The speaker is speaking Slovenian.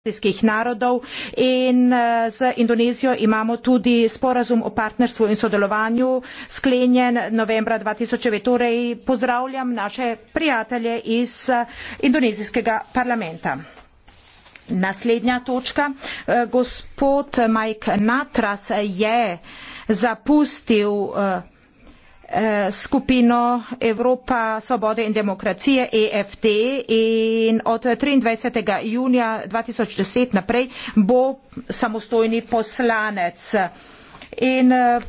azijskih narodov in eh, z Indonezijo imamo tudi sporazum o partnerstvu in sodelovanju sklenjen novembra 2009. Torej pozdravljam naše prijatelje iz eh, indonezijskega parlamenta. Naslednja točka. Eh, gospod Mike Natras je zapustil Eh, skupino Evropa Svobode in Demokracije EFT in od 23. junija 2010 naprej bo samostojni poslanec. In, eh,